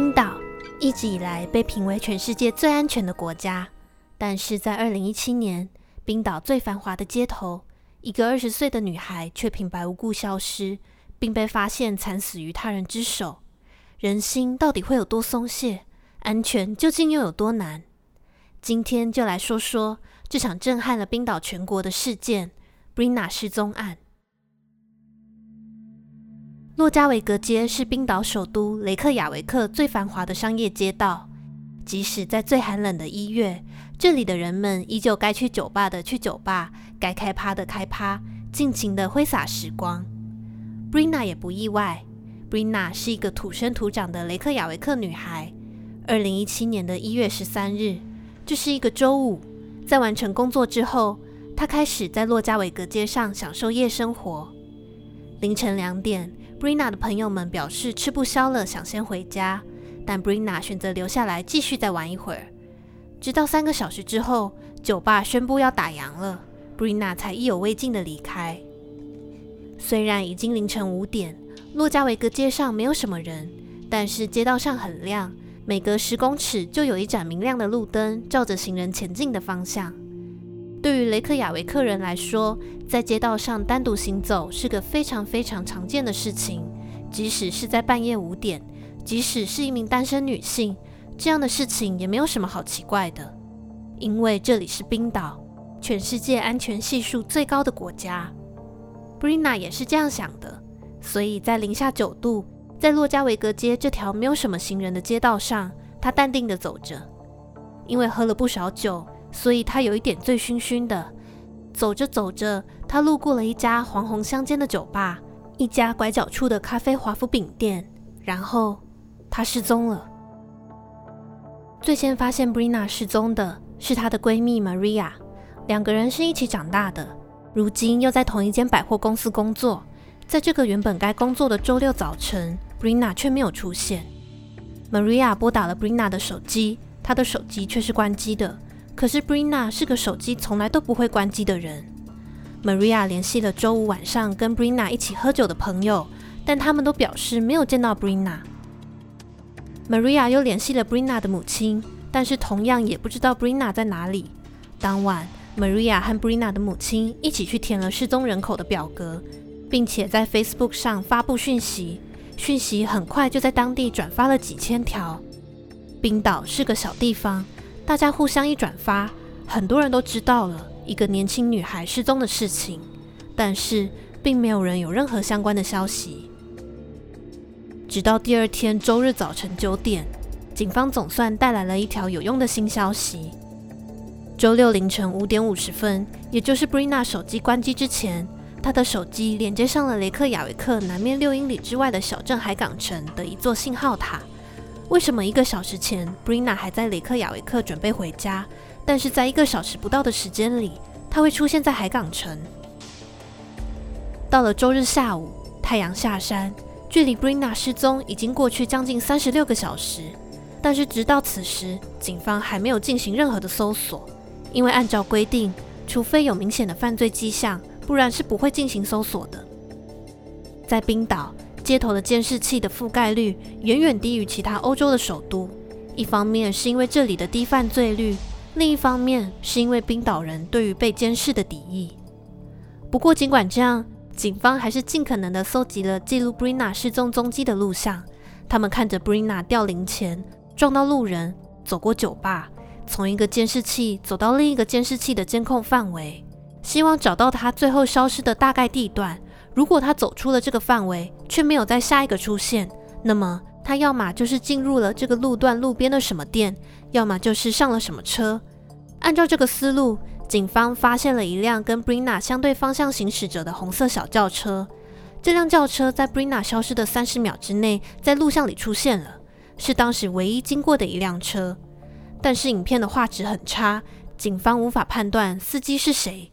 冰島一直以來被評為全世界最安全的國家，但是在2017年，冰島最繁華的街頭，一個20歲的女孩卻平白無故消失，並被發現慘死於他人之手。人心到底會有多鬆懈？安全究竟又有多難？今天就來說說這場震撼了冰島全國的事件 ——Brina 失蹤案。洛加維格街是冰島首都雷克雅維克最繁華的商業街道。即使在最寒冷的一月，這裡的人們依舊該去酒吧的去酒吧，該開趴的開趴，盡情的揮灑時光。Brina 也不意外。Brina 是一個土生土長的雷克雅維克女孩。二零一七年的一月十三日，這是一個周五，在完成工作之後，她開始在洛加維格街上享受夜生活。凌晨兩點。布麗娜的朋友們表示吃不消了，想先回家，但布麗娜選擇留下來繼續再玩一會兒，直到三個小時之後，酒吧宣布要打烊了，布麗娜才意猶未盡的離開。雖然已經凌晨五點，洛加維格街上沒有什麼人，但是街道上很亮，每隔十公尺就有一盞明亮的路燈照着行人前進的方向。對於雷克雅維克人來說，在街道上單獨行走是個非常非常常見的事情，即使是在半夜五點，即使是一名單身女性，這樣的事情也沒有什麼好奇怪的，因為這裡是冰島，全世界安全係數最高的國家。布莉娜也是這樣想的，所以在零下九度，在洛加維格街這條沒有什麼行人的街道上，她淡定地走着，因為喝了不少酒，所以她有一點醉醺醺的，走着走着，她路過了一家黃紅相間的酒吧，一家拐角處的咖啡華夫餅店，然後她失蹤了。最先發現布麗娜失蹤的是她的閨蜜 Maria，兩個人是一起長大的，如今又在同一間百貨公司工作。在這個原本該工作的周六早晨，布麗娜卻沒有出現。Maria 撥打了布麗娜的手機，她的手機卻是關機的。可是 Birna 是個手機從來都不會關機的人。Maria 聯繫了周五晚上跟 Birna 一起喝酒的朋友，但他們都表示沒有見到 Birna。Maria 又聯繫了 Birna 的母親，但是同樣也不知道 Birna 在哪裡。當晚，Maria 和 Birna 的母親一起去填了失蹤人口的表格，並且在 Facebook 上發布訊息，訊息很快就在當地轉發了幾千條。冰島是個小地方。大家互相一轉發，很多人都知道了一個年輕女孩失蹤的事情，但是並沒有人有任何相關的消息。直到第二天周日早晨九點，警方總算帶來了一條有用的新消息：周六凌晨五點五十分，也就是布麗娜手機關機之前，她的手機連接上了雷克雅維克南面六英里之外的小鎮海港城的一座信號塔。為什麼一個小時前，Brina 還在雷克雅維克準備回家，但是在一個小時不到的時間裡，她會出現在海港城？到了周日下午，太陽下山，距離 Brina 失蹤已經過去將近三十六個小時，但是直到此時，警方還沒有進行任何的搜索，因為按照規定，除非有明顯的犯罪跡象，不然是不會進行搜索的。在冰島，街頭的監視器的覆蓋率遠遠低於其他歐洲的首都。一方面是因為這裡的低犯罪率，另一方面是因為冰島人對於被監視的敵意。不過，儘管這樣，警方還是盡可能地搜集了記錄布麗娜失蹤蹤迹的錄像。他們看着布麗娜掉零錢、撞到路人、走過酒吧、從一個監視器走到另一個監視器的監控範圍，希望找到她最後消失的大概地段。如果他走出了這個範圍，卻沒有在下一個出現，那麼他要麼就是進入了這個路段路邊的什麼店，要麼就是上了什麼車。按照這個思路，警方發現了一輛跟 Brina 相對方向行駛着的紅色小轎車。這輛轎車在 Brina 消失的三十秒之內，在錄像裡出現了，是當時唯一經過的一輛車。但是影片的畫質很差，警方無法判斷司機是誰。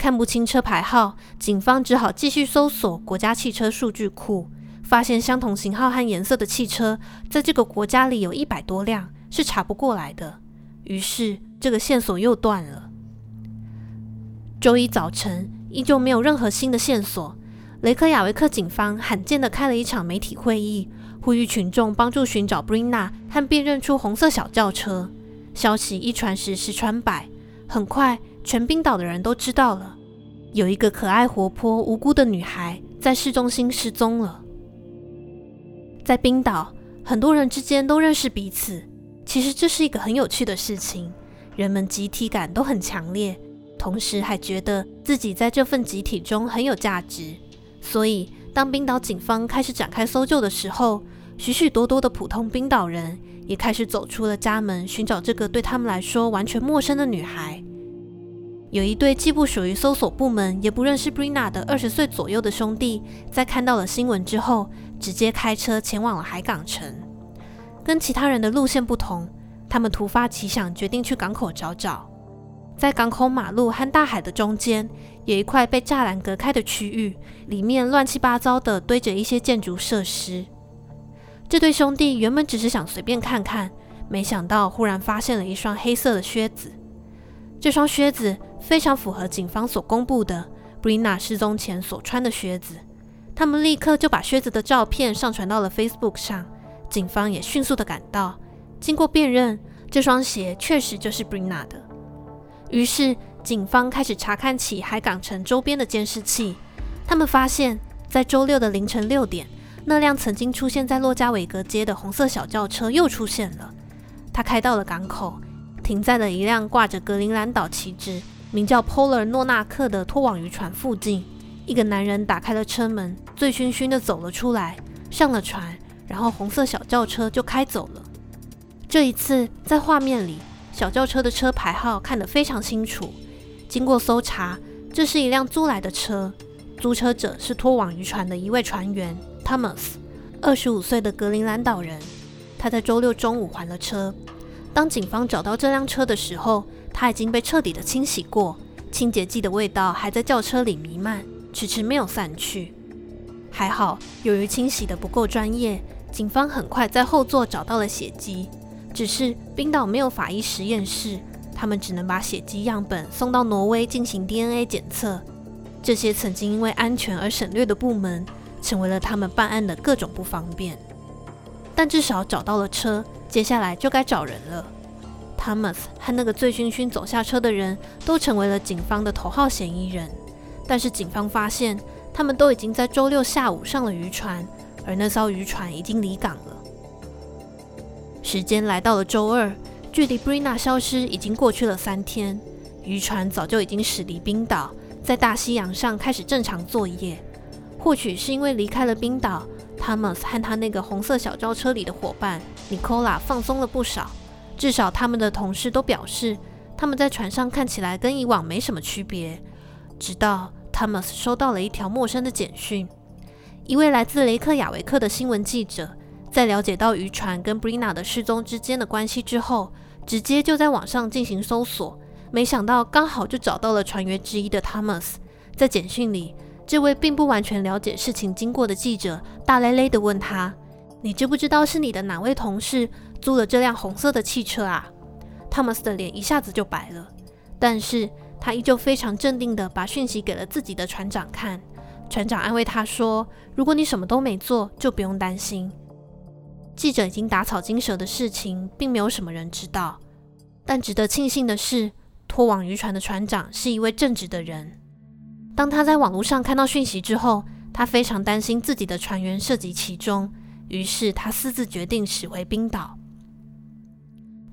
看不清車牌號，警方只好繼續搜索國家汽車數據庫，發現相同型號和顏色的汽車在這個國家裡有一百多輛，是查不過來的。於是這個線索又斷了。周一早晨依舊沒有任何新的線索。雷克雅維克警方罕見的開了一場媒體會議，呼籲群眾幫助尋找布里娜和辨認出紅色小轎車。消息一傳十，十傳百，很快。全冰島的人都知道了，有一個可愛、活潑、無辜的女孩在市中心失蹤了。在冰島，很多人之間都認識彼此，其實這是一個很有趣的事情。人們集體感都很強烈，同時還覺得自己在這份集體中很有價值。所以，當冰島警方開始展開搜救的時候，許許多多的普通冰島人也開始走出了家門，尋找這個對他們來說完全陌生的女孩。有一對既不屬於搜索部門，也不認識布裡娜的二十歲左右的兄弟，在看到了新聞之後，直接開車前往了海港城。跟其他人的路線不同，他們突發奇想，決定去港口找找。在港口馬路和大海的中間，有一塊被柵欄隔開的區域，裡面亂七八糟的堆着一些建築設施。這對兄弟原本只是想隨便看看，沒想到忽然發現了一雙黑色的靴子。這雙靴子非常符合警方所公布的布麗娜失蹤前所穿的靴子，他們立刻就把靴子的照片上傳到了 Facebook 上。警方也迅速的趕到，經過辨認，這雙鞋確實就是布麗娜的。於是，警方開始查看起海港城周邊的監視器，他們發現，在周六的凌晨六點，那輛曾經出現在洛加韋格街的紅色小轎車又出現了，它開到了港口，停在了一輛掛着格陵蘭島旗幟、名叫 Polar 諾納克的拖網漁船附近。一個男人打開了車門，醉醺醺地走了出來，上了船，然後紅色小轎車就開走了。這一次，在畫面裡，小轎車的車牌號看得非常清楚。經過搜查，這是一輛租來的車，租車者是拖網漁船的一位船員 Thomas，25 歲的格陵蘭島人。他在週六中午還了車。當警方找到這輛車的時候，它已經被徹底的清洗過，清潔劑的味道還在轎車裡瀰漫，遲遲沒有散去。還好，由於清洗的不夠專業，警方很快在後座找到了血跡。只是冰島沒有法醫實驗室，他們只能把血跡樣本送到挪威進行 DNA 檢測。這些曾經因為安全而省略的部門，成為了他們辦案的各種不方便。但至少找到了車。接下來就該找人了。Thomas 和那個醉醺醺走下車的人都成為了警方的頭號嫌疑人，但是警方發現他們都已經在周六下午上了漁船，而那艘漁船已經離港了。時間來到了周二，距離 Briana 消失已經過去了三天，漁船早就已經駛離冰島，在大西洋上開始正常作業。或許是因為離開了冰島。Thomas 和他那個紅色小轎車裡的伙伴 Nicola 放鬆了不少，至少他們的同事都表示，他們在船上看起來跟以往沒什麼區別。直到 Thomas 收到了一條陌生的簡訊，一位來自雷克雅維克的新聞記者，在了解到漁船跟 Briana 的失蹤之間的關係之後，直接就在網上進行搜索，沒想到剛好就找到了船員之一的 Thomas，在簡訊裡。這位並不完全了解事情經過的記者大咧咧地問他：“你知不知道是你的哪位同事租了這輛紅色的汽車啊？”湯姆斯的臉一下子就白了，但是他依舊非常鎮定地把訊息給了自己的船長看。船長安慰他說：“如果你什麼都沒做，就不用擔心。記者已經打草驚蛇的事情，並沒有什麼人知道。但值得慶幸的是，拖網漁船的船長是一位正直的人。”當他在網絡上看到訊息之後，他非常擔心自己的船員涉及其中，於是他私自決定駛回冰島。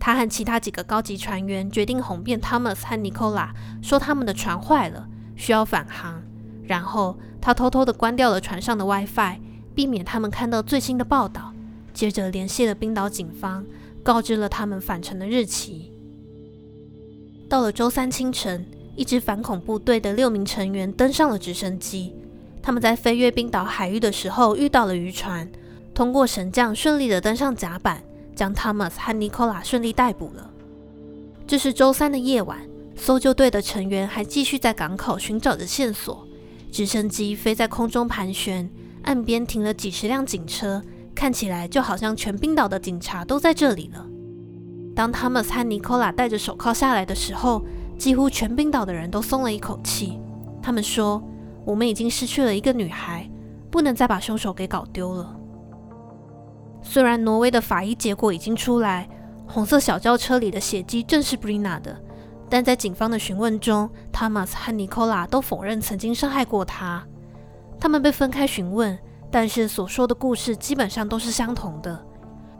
他和其他幾個高級船員決定哄騙 Thomas 和 Nicola，說他們的船壞了，需要返航。然後他偷偷地關掉了船上的 WiFi，避免他們看到最新的報道。接着聯繫了冰島警方，告知了他們返程的日期。到了周三清晨，一支反恐部隊的六名成員登上了直升機。他們在飛越冰島海域的時候遇到了漁船，通過繩降順利地登上甲板，將 Thomas 和 Nicola 順利逮捕了。這是周三的夜晚，搜救隊的成員還繼續在港口尋找着線索。直升機飛在空中盤旋，岸邊停了幾十輛警車，看起來就好像全冰島的警察都在這裡了。當 Thomas 和 Nicola 戴着手銬下來的時候，幾乎全冰島的人都鬆了一口氣。他們說：“我們已經失去了一個女孩，不能再把兇手給搞丟了。”雖然挪威的法醫結果已經出來，紅色小轎車裡的血跡正是 Brina 的，但在警方的詢問中，Thomas 和 Nikola 都否認曾經傷害過她。他們被分開詢問，但是所說的故事基本上都是相同的。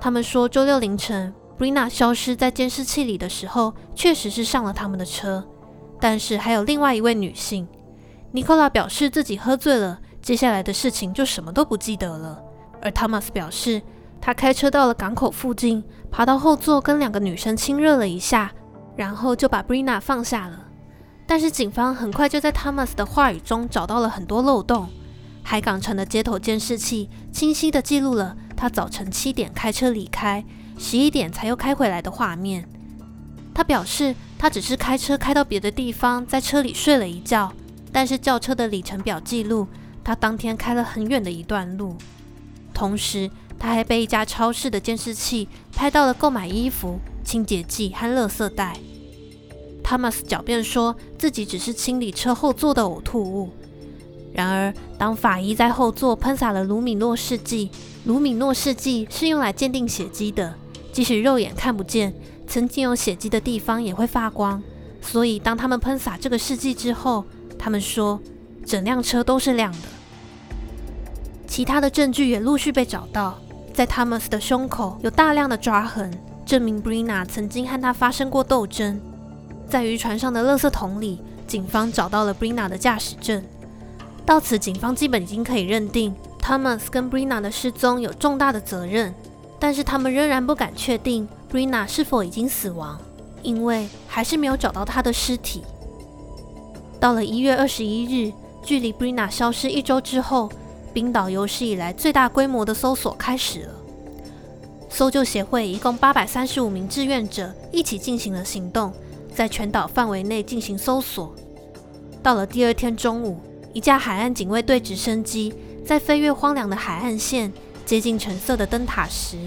他們說：“周六凌晨。” Brina 消失在監視器裡的時候，確實是上了他們的車，但是還有另外一位女性。尼克拉表示自己喝醉了，接下來的事情就什麼都不記得了。而 Thomas 表示，他開車到了港口附近，爬到後座跟兩個女生親熱了一下，然後就把 Brina 放下了。但是警方很快就在 Thomas 的話語中找到了很多漏洞。海港城的街頭監視器清晰地記錄了他早晨七點開車離開，十一點才又開回來的畫面，他表示他只是開車開到別的地方，在車裡睡了一覺，但是轎車的里程表記錄他當天開了很遠的一段路。同時，他還被一家超市的監視器拍到了購買衣服、清潔劑和垃圾袋。湯姆斯狡辯說自己只是清理車後座的嘔吐物，然而當法醫在後座噴灑了盧米諾試劑，盧米諾試劑是用來鑑定血跡的。即使肉眼看不見，曾經有血跡的地方也會發光。所以，當他們噴灑這個試劑之後，他們說整輛車都是亮的。其他的證據也陸續被找到，在 Thomas 的胸口有大量的抓痕，證明 Brina 曾經和他發生過鬥爭。在漁船上的垃圾桶裡，警方找到了 Brina 的駕駛證。到此，警方基本已經可以認定 Thomas 跟 Brina 的失蹤有重大的責任。但是他們仍然不敢確定 Brina 是否已經死亡，因為還是沒有找到她的屍體。到了一月二十一日，距離 Brina 消失一周之後，冰島有史以來最大規模的搜索開始了。搜救協會一共八百三十五名志願者一起進行了行動，在全島範圍內進行搜索。到了第二天中午，一架海岸警衛隊直升機在飛越荒涼的海岸線。接近橙色的燈塔時，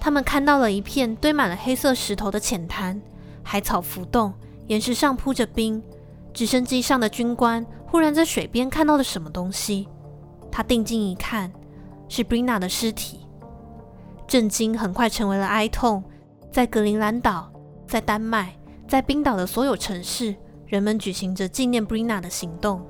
他們看到了一片堆滿了黑色石頭的淺灘，海草浮動，岩石上鋪着冰。直升機上的軍官忽然在水邊看到了什麼東西，他定睛一看，是布里娜的屍體。震驚很快成為了哀痛，one, 在格陵蘭島、在丹麥、在冰島的所有城市，人們舉行着紀念布里娜的行動。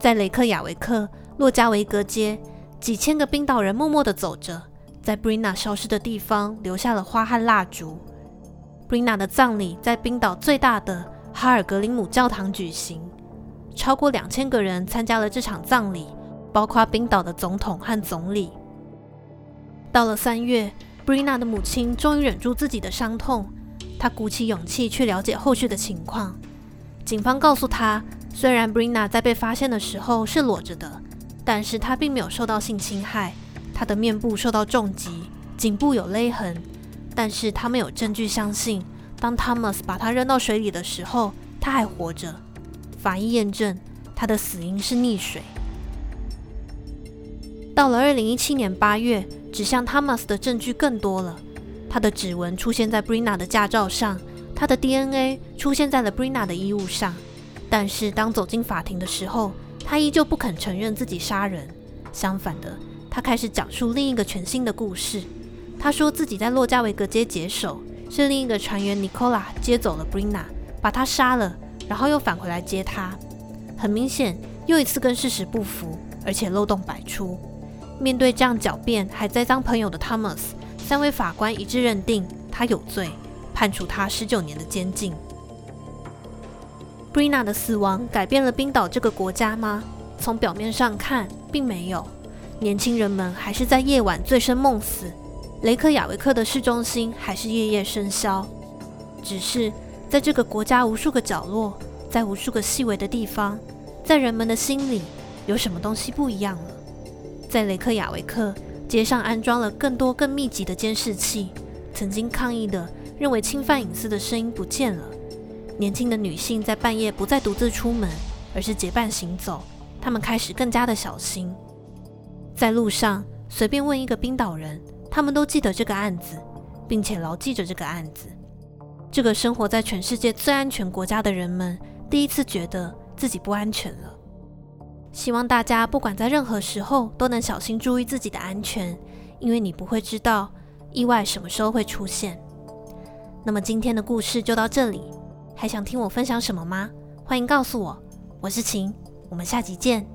在雷克雅維克，洛加維格街。幾千個冰島人默默地走着，在 Birna 消失的地方留下了花和蠟燭。Birna 的葬禮在冰島最大的哈爾格林姆教堂舉行，超過兩千個人參加了這場葬禮，包括冰島的總統和總理。到了三月，Birna 的母親終於忍住自己的傷痛，她鼓起勇氣去了解後續的情況。警方告訴她，雖然 Birna 在被發現的時候是裸着的。但是他並沒有受到性侵害，他的面部受到重擊，頸部有勒痕。但是他們有證據相信，當 Thomas 把他扔到水裡的時候，他還活着。法醫驗證他的死因是溺水。到了二零一七年八月，指向 Thomas 的證據更多了，他的指紋出現在 Brina 的駕照上，他的 DNA 出現在了 Brina 的衣物上。但是當走進法庭的時候，他依舊不肯承認自己殺人，相反的，他開始講述另一個全新的故事。他說自己在洛加維格街解手，是另一個船員尼古拉接走了 Brina，把他殺了，然後又返回來接他。很明顯，又一次跟事實不符，而且漏洞百出。面對這樣狡辯還栽贓朋友的 Thomas，三位法官一致認定他有罪，判處他十九年的監禁。瑞娜的死亡改變了冰島這個國家嗎？從表面上看，並沒有。年輕人們還是在夜晚醉生夢死，雷克雅維克的市中心還是夜夜笙簫。只是在這個國家無數個角落，在無數個細微的地方，在人們的心裡，有什麼東西不一樣了？在雷克雅維克，街上安裝了更多、更密集的監視器。曾經抗議的、認為侵犯隱私的聲音不見了。年輕的女性在半夜不再獨自出門，而是結伴行走。她們開始更加的小心。在路上隨便問一個冰島人，他們都記得這個案子，並且牢記着這個案子。這個生活在全世界最安全國家的人們，第一次覺得自己不安全了。希望大家不管在任何時候都能小心注意自己的安全，因為你不會知道意外什麼時候會出現。那麼今天的故事就到這裡。還想聽我分享什麼嗎？歡迎告訴我。我是晴，我們下集見。